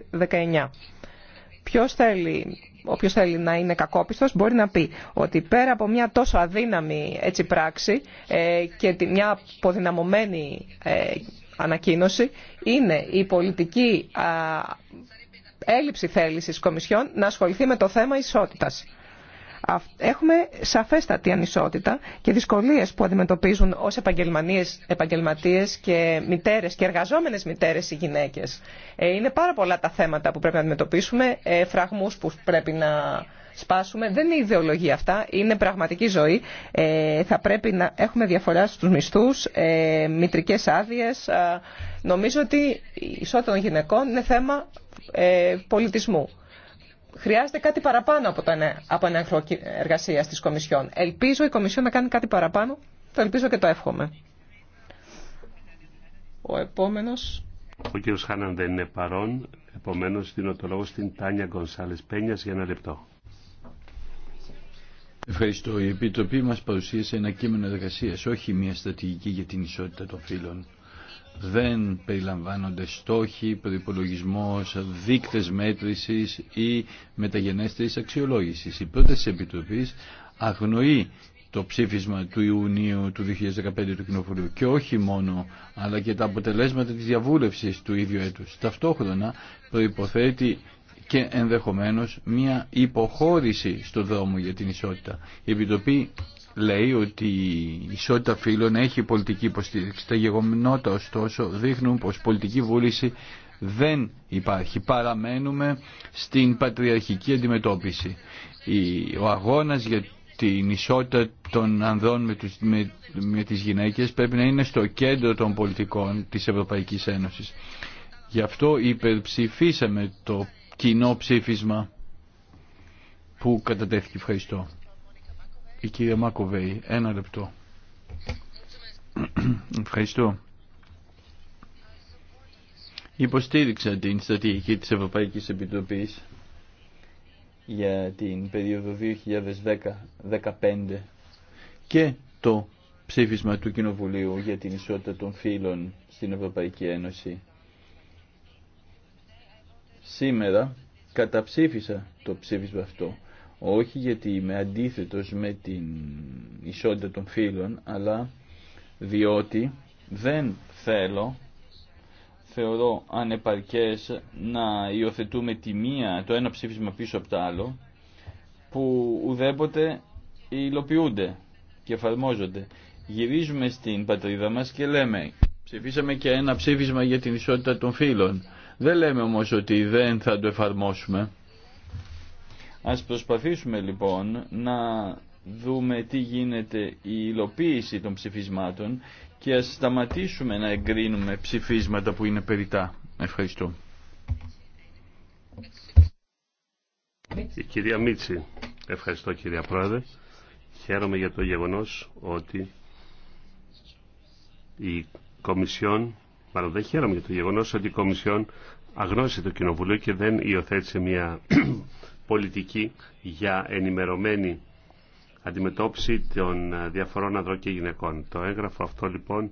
Ποιος θέλει, όποιος θέλει να είναι κακόπιστος μπορεί να πει ότι πέρα από μια τόσο αδύναμη έτσι πράξη ε, και μια αποδυναμωμένη ανακοίνωση είναι η πολιτική έλλειψη θέλησης Κομισιόν να ασχοληθεί με το θέμα ισότητα. Έχουμε σαφέστατη ανισότητα και δυσκολίες που αντιμετωπίζουν ως επαγγελματίες και μητέρε και εργαζόμενες μητέρε οι γυναίκες. Ε, είναι πάρα πολλά τα θέματα που πρέπει να αντιμετωπίσουμε, ε, φραγμούς που πρέπει να σπάσουμε. Δεν είναι ιδεολογία αυτά, είναι πραγματική ζωή. Ε, θα πρέπει να έχουμε διαφορά στους μισθούς, ε, μητρικές άδειες. Ε, νομίζω ότι η ισότητα των γυναικών είναι θέμα ε, πολιτισμού. Χρειάζεται κάτι παραπάνω από, την από εργασία της Κομισιόν. Ελπίζω η Κομισιόν να κάνει κάτι παραπάνω. Το ελπίζω και το εύχομαι. Ο επόμενος... Ο κύριος Χάναν δεν είναι παρόν. Επομένως δίνω το λόγο στην Τάνια Γκονσάλες Πένιας για ένα λεπτό. Ευχαριστώ. Η Επιτροπή μας παρουσίασε ένα κείμενο εργασίας, όχι μια στρατηγική για την ισότητα των φύλων. Δεν περιλαμβάνονται στόχοι, προπολογισμό, δείκτες μέτρησης ή μεταγενέστερης αξιολόγησης. Η πρόταση της Επιτροπής αγνοεί το ψήφισμα του Ιουνίου του 2015 του Κοινοβουλίου και όχι μόνο, αλλά και τα αποτελέσματα της διαβούλευσης του ίδιου έτους. Ταυτόχρονα προϋποθέτει και ενδεχομένως μια υποχώρηση στο δρόμο για την ισότητα. Η Επιτροπή λέει ότι η ισότητα φύλων έχει πολιτική υποστήριξη. Τα γεγονότα ωστόσο δείχνουν πως πολιτική βούληση δεν υπάρχει. Παραμένουμε στην πατριαρχική αντιμετώπιση. Ο αγώνας για την ισότητα των ανδρών με, τους, με, με τις γυναίκες πρέπει να είναι στο κέντρο των πολιτικών της Ευρωπαϊκής Ένωσης. Γι' αυτό υπερψηφίσαμε το κοινό ψήφισμα που κατατέθηκε. Ευχαριστώ. Η κυρία Μάκοβέη, ένα λεπτό. Ευχαριστώ. Υποστήριξα την στρατηγική της Ευρωπαϊκής Επιτροπής για την περίοδο 2010-2015 και το ψήφισμα του Κοινοβουλίου για την ισότητα των φύλων στην Ευρωπαϊκή Ένωση σήμερα καταψήφισα το ψήφισμα αυτό. Όχι γιατί είμαι αντίθετος με την ισότητα των φίλων, αλλά διότι δεν θέλω, θεωρώ ανεπαρκές να υιοθετούμε τη μία, το ένα ψήφισμα πίσω από το άλλο, που ουδέποτε υλοποιούνται και εφαρμόζονται. Γυρίζουμε στην πατρίδα μας και λέμε ψηφίσαμε και ένα ψήφισμα για την ισότητα των φίλων δεν λέμε όμως ότι δεν θα το εφαρμόσουμε. Ας προσπαθήσουμε λοιπόν να δούμε τι γίνεται η υλοποίηση των ψηφισμάτων και ας σταματήσουμε να εγκρίνουμε ψηφίσματα που είναι περιτά. Ευχαριστώ. Η κυρία Μίτση, ευχαριστώ κυρία Πρόεδρε. Χαίρομαι για το γεγονός ότι η Κομισιόν Μάλλον δεν χαίρομαι για το γεγονό ότι η Κομισιόν αγνώρισε το Κοινοβουλίο και δεν υιοθέτησε μια πολιτική για ενημερωμένη αντιμετώπιση των ε, διαφορών ανδρών και γυναικών. Το έγγραφο αυτό λοιπόν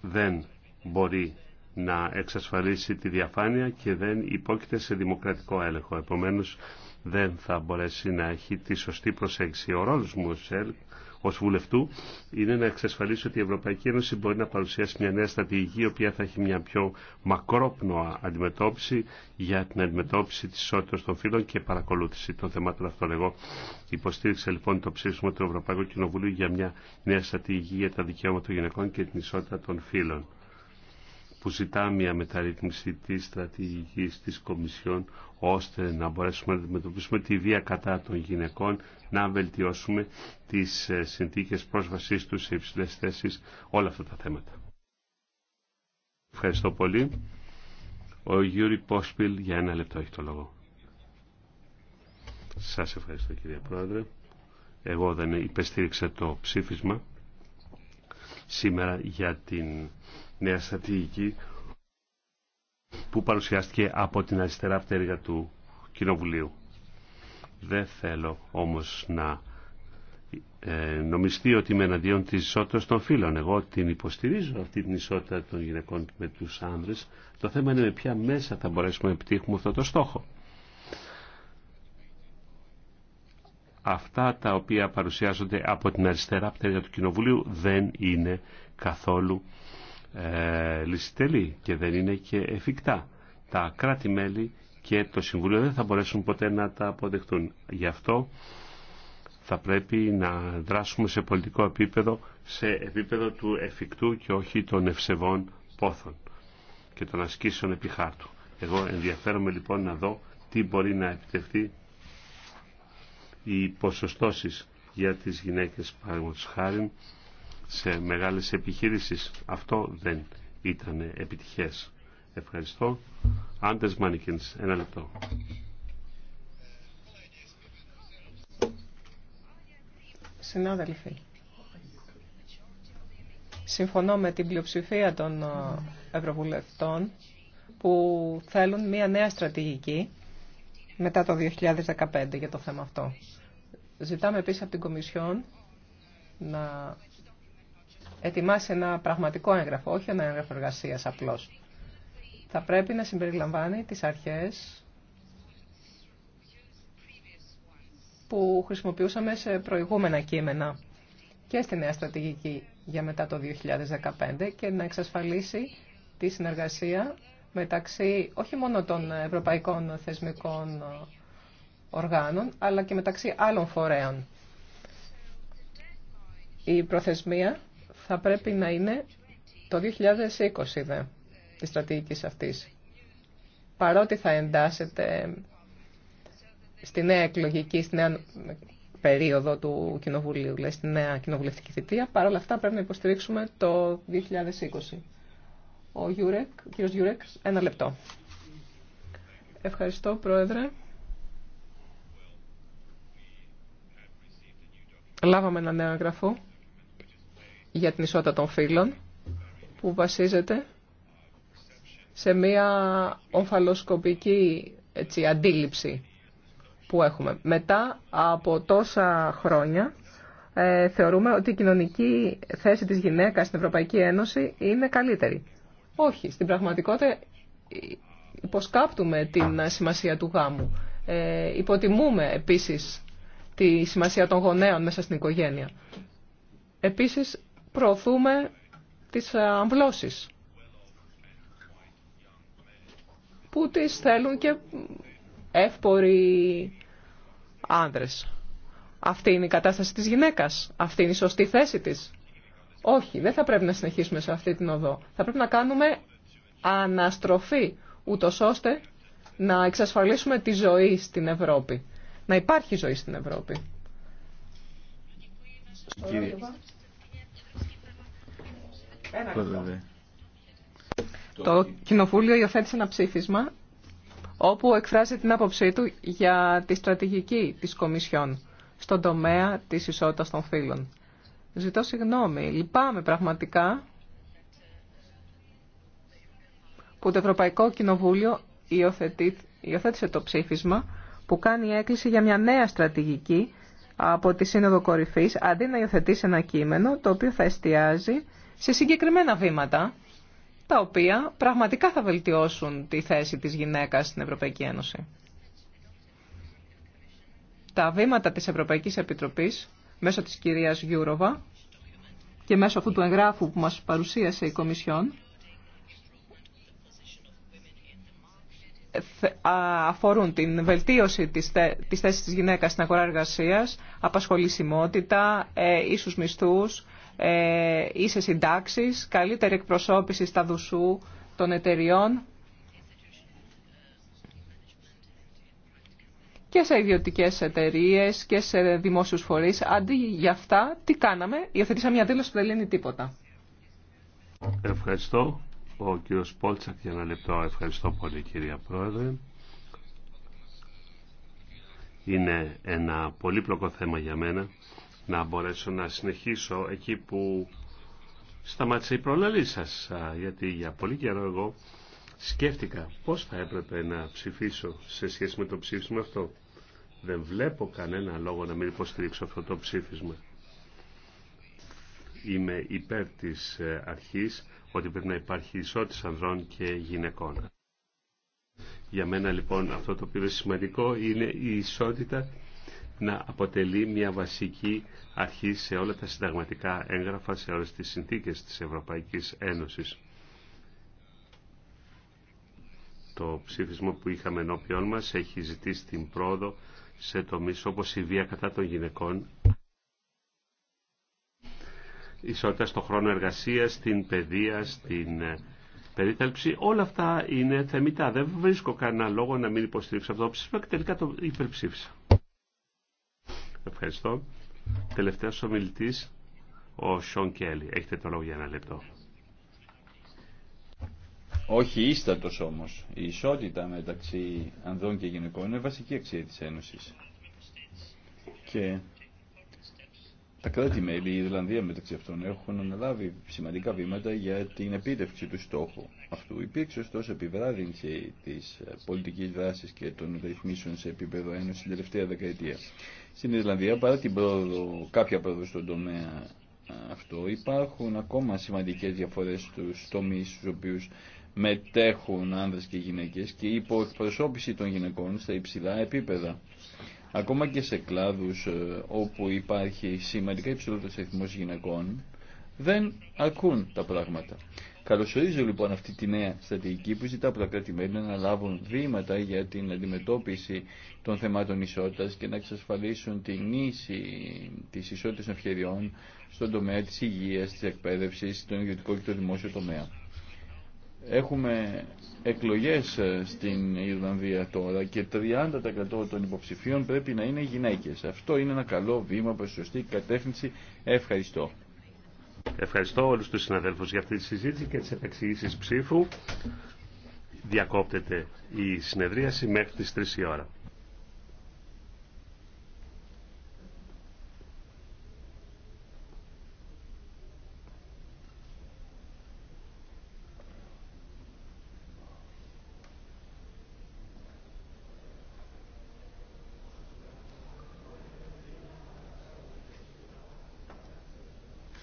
δεν μπορεί να εξασφαλίσει τη διαφάνεια και δεν υπόκειται σε δημοκρατικό έλεγχο. Επομένως δεν θα μπορέσει να έχει τη σωστή προσέγγιση. Ο ρόλος μου σε Ω βουλευτού είναι να εξασφαλίσει ότι η Ευρωπαϊκή Ένωση μπορεί να παρουσιάσει μια νέα στρατηγική η οποία θα έχει μια πιο μακρόπνοα αντιμετώπιση για την αντιμετώπιση της ισότητας των φύλων και παρακολούθηση των θεμάτων αυτών. Εγώ υποστήριξα λοιπόν το ψήφισμα του Ευρωπαϊκού Κοινοβουλίου για μια νέα στρατηγική για τα δικαιώματα των γυναικών και την ισότητα των φύλων που ζητά μια μεταρρύθμιση της στρατηγικής της Κομισιόν ώστε να μπορέσουμε να αντιμετωπίσουμε τη βία κατά των γυναικών, να βελτιώσουμε τις ε, συνθήκες πρόσβασής τους σε υψηλές θέσεις, όλα αυτά τα θέματα. Ευχαριστώ πολύ. Ο Γιούρι Πόσπιλ για ένα λεπτό έχει το λόγο. Σας ευχαριστώ κύριε Πρόεδρε. Εγώ δεν υπεστήριξα το ψήφισμα σήμερα για την νέα στρατηγική που παρουσιάστηκε από την αριστερά πτέρυγα του Κοινοβουλίου. Δεν θέλω όμως να ε, νομιστεί ότι είμαι εναντίον της ισότητας των φίλων. Εγώ την υποστηρίζω αυτή την ισότητα των γυναικών με τους άνδρες. Το θέμα είναι με ποια μέσα θα μπορέσουμε να επιτύχουμε αυτό το στόχο. Αυτά τα οποία παρουσιάζονται από την αριστερά πτέρυγα του Κοινοβουλίου δεν είναι καθόλου ε, λυσιτελή και δεν είναι και εφικτά. Τα κράτη-μέλη και το Συμβούλιο δεν θα μπορέσουν ποτέ να τα αποδεχτούν. Γι' αυτό θα πρέπει να δράσουμε σε πολιτικό επίπεδο, σε επίπεδο του εφικτού και όχι των ευσεβών πόθων και των ασκήσεων επιχάρτου. Εγώ ενδιαφέρομαι λοιπόν να δω τι μπορεί να επιτευχθεί οι ποσοστώσεις για τις γυναίκες παραδείγματος χάρη σε μεγάλες επιχείρησεις. Αυτό δεν ήταν επιτυχές. Ευχαριστώ. Άντες Μάνικινς, ένα λεπτό. Συνάδελφοι, συμφωνώ με την πλειοψηφία των ε, Ευρωβουλευτών που θέλουν μια νέα στρατηγική μετά το 2015 για το θέμα αυτό. Ζητάμε επίσης από την Κομισιόν να ετοιμάσει ένα πραγματικό έγγραφο, όχι ένα έγγραφο εργασία απλώ. Θα πρέπει να συμπεριλαμβάνει τι αρχέ που χρησιμοποιούσαμε σε προηγούμενα κείμενα και στη νέα στρατηγική για μετά το 2015 και να εξασφαλίσει τη συνεργασία μεταξύ όχι μόνο των ευρωπαϊκών θεσμικών οργάνων, αλλά και μεταξύ άλλων φορέων. Η προθεσμία θα πρέπει να είναι το 2020 δε, της στρατηγικής αυτής. Παρότι θα εντάσσεται στη νέα εκλογική, στη νέα περίοδο του Κοινοβουλίου, δηλαδή στη νέα κοινοβουλευτική θητεία, παρόλα αυτά πρέπει να υποστηρίξουμε το 2020. Ο Γιουρέκ, κύριος Γιουρέκ, ένα λεπτό. Ευχαριστώ, Πρόεδρε. Λάβαμε ένα νέο εγγραφό για την ισότητα των φύλων που βασίζεται σε μια ομφαλοσκοπική έτσι, αντίληψη που έχουμε. Μετά από τόσα χρόνια ε, θεωρούμε ότι η κοινωνική θέση της γυναίκας στην Ευρωπαϊκή Ένωση είναι καλύτερη. Όχι, στην πραγματικότητα ε, υποσκάπτουμε την σημασία του γάμου. Ε, υποτιμούμε επίσης τη σημασία των γονέων μέσα στην οικογένεια. Επίσης προωθούμε τις ε, αμβλώσεις που τις θέλουν και εύποροι άνδρες. Αυτή είναι η κατάσταση της γυναίκας. Αυτή είναι η σωστή θέση της. Όχι, δεν θα πρέπει να συνεχίσουμε σε αυτή την οδό. Θα πρέπει να κάνουμε αναστροφή, ούτω ώστε να εξασφαλίσουμε τη ζωή στην Ευρώπη. Να υπάρχει ζωή στην Ευρώπη. Λοιπόν. Δηλαδή. Το Κοινοβούλιο υιοθέτησε ένα ψήφισμα όπου εκφράζει την άποψή του για τη στρατηγική της Κομισιόν στον τομέα της ισότητας των φύλων. Ζητώ συγγνώμη, λυπάμαι πραγματικά που το Ευρωπαϊκό Κοινοβούλιο υιοθέτησε το ψήφισμα που κάνει έκκληση για μια νέα στρατηγική από τη Σύνοδο Κορυφής, αντί να υιοθετήσει ένα κείμενο το οποίο θα εστιάζει σε συγκεκριμένα βήματα, τα οποία πραγματικά θα βελτιώσουν τη θέση της γυναίκας στην Ευρωπαϊκή Ένωση. Τα βήματα της Ευρωπαϊκής Επιτροπής, μέσω της κυρίας Γιούροβα και μέσω αυτού του εγγράφου που μας παρουσίασε η Κομισιόν, αφορούν την βελτίωση της, θέ, της θέσης της γυναίκας στην αγορά εργασίας, απασχολησιμότητα, ε, ίσους μισθούς, ε, ίσες συντάξεις, καλύτερη εκπροσώπηση στα δουσού των εταιριών και σε ιδιωτικές εταιρείε και σε δημόσιους φορείς. Αντί για αυτά, τι κάναμε, υιοθετήσαμε μια δήλωση που δεν λύνει τίποτα. Ευχαριστώ. Ο κύριος Πόλτσακ για ένα λεπτό. Ευχαριστώ πολύ κυρία Πρόεδρε. Είναι ένα πολύπλοκο θέμα για μένα να μπορέσω να συνεχίσω εκεί που σταμάτησε η προλαλή σας, γιατί για πολύ καιρό εγώ σκέφτηκα πώς θα έπρεπε να ψηφίσω σε σχέση με το ψήφισμα αυτό. Δεν βλέπω κανένα λόγο να μην υποστηρίξω αυτό το ψήφισμα. Είμαι υπέρ της ε, αρχής ότι πρέπει να υπάρχει ισότητα ανδρών και γυναικών. Για μένα λοιπόν αυτό το οποίο είναι σημαντικό είναι η ισότητα να αποτελεί μια βασική αρχή σε όλα τα συνταγματικά έγγραφα, σε όλες τις συνθήκες της Ευρωπαϊκής Ένωσης. Το ψήφισμα που είχαμε ενώπιόν μας έχει ζητήσει την πρόοδο σε τομείς όπως η βία κατά των γυναικών, ισότητα στον χρόνο εργασίας, την παιδεία, στην ε, περίταλψη. Όλα αυτά είναι θεμητά. Δεν βρίσκω κανένα λόγο να μην υποστηρίξω αυτό το ψήφισμα και τελικά το υπερψήφισα. Ευχαριστώ. Τελευταίος ομιλητής, ο Σον Κέλλη. Έχετε το λόγο για ένα λεπτό. Όχι ίστατος όμως. Η ισότητα μεταξύ ανδρών και γυναικών είναι βασική αξία της Ένωσης. Και τα κράτη-μέλη, η Ιρλανδία μεταξύ αυτών, έχουν αναλάβει σημαντικά βήματα για την επίτευξη του στόχου αυτού. Υπήρξε ωστόσο επιβράδυνση τη πολιτική δράση και των ρυθμίσεων σε επίπεδο ένωση την τελευταία δεκαετία. Στην Ιρλανδία, παρά την πρόοδο, κάποια πρόοδο στον τομέα αυτό, υπάρχουν ακόμα σημαντικέ διαφορέ στου τομεί στου οποίου μετέχουν άνδρες και γυναίκες και η υποεκπροσώπηση των γυναικών στα υψηλά επίπεδα. Ακόμα και σε κλάδους ε, όπου υπάρχει σημαντικά υψηλότερος αριθμός γυναικών, δεν ακούν τα πράγματα. Καλωσορίζω λοιπόν αυτή τη νέα στρατηγική που ζητά από τα κρατη να λάβουν βήματα για την αντιμετώπιση των θεμάτων ισότητας και να εξασφαλίσουν την ίση της ισότητας ευκαιριών στον τομέα της υγείας, της εκπαίδευσης, στον ιδιωτικό και το δημόσιο τομέα. Έχουμε εκλογές ε, στην Ιρλανδία τώρα και 30% των υποψηφίων πρέπει να είναι γυναίκες. Αυτό είναι ένα καλό βήμα προς σωστή κατεύθυνση. Ευχαριστώ. Ευχαριστώ όλους τους συναδέλφους για αυτή τη συζήτηση και τις επεξηγήσεις ψήφου. Διακόπτεται η συνεδρίαση μέχρι τις 3 η ώρα.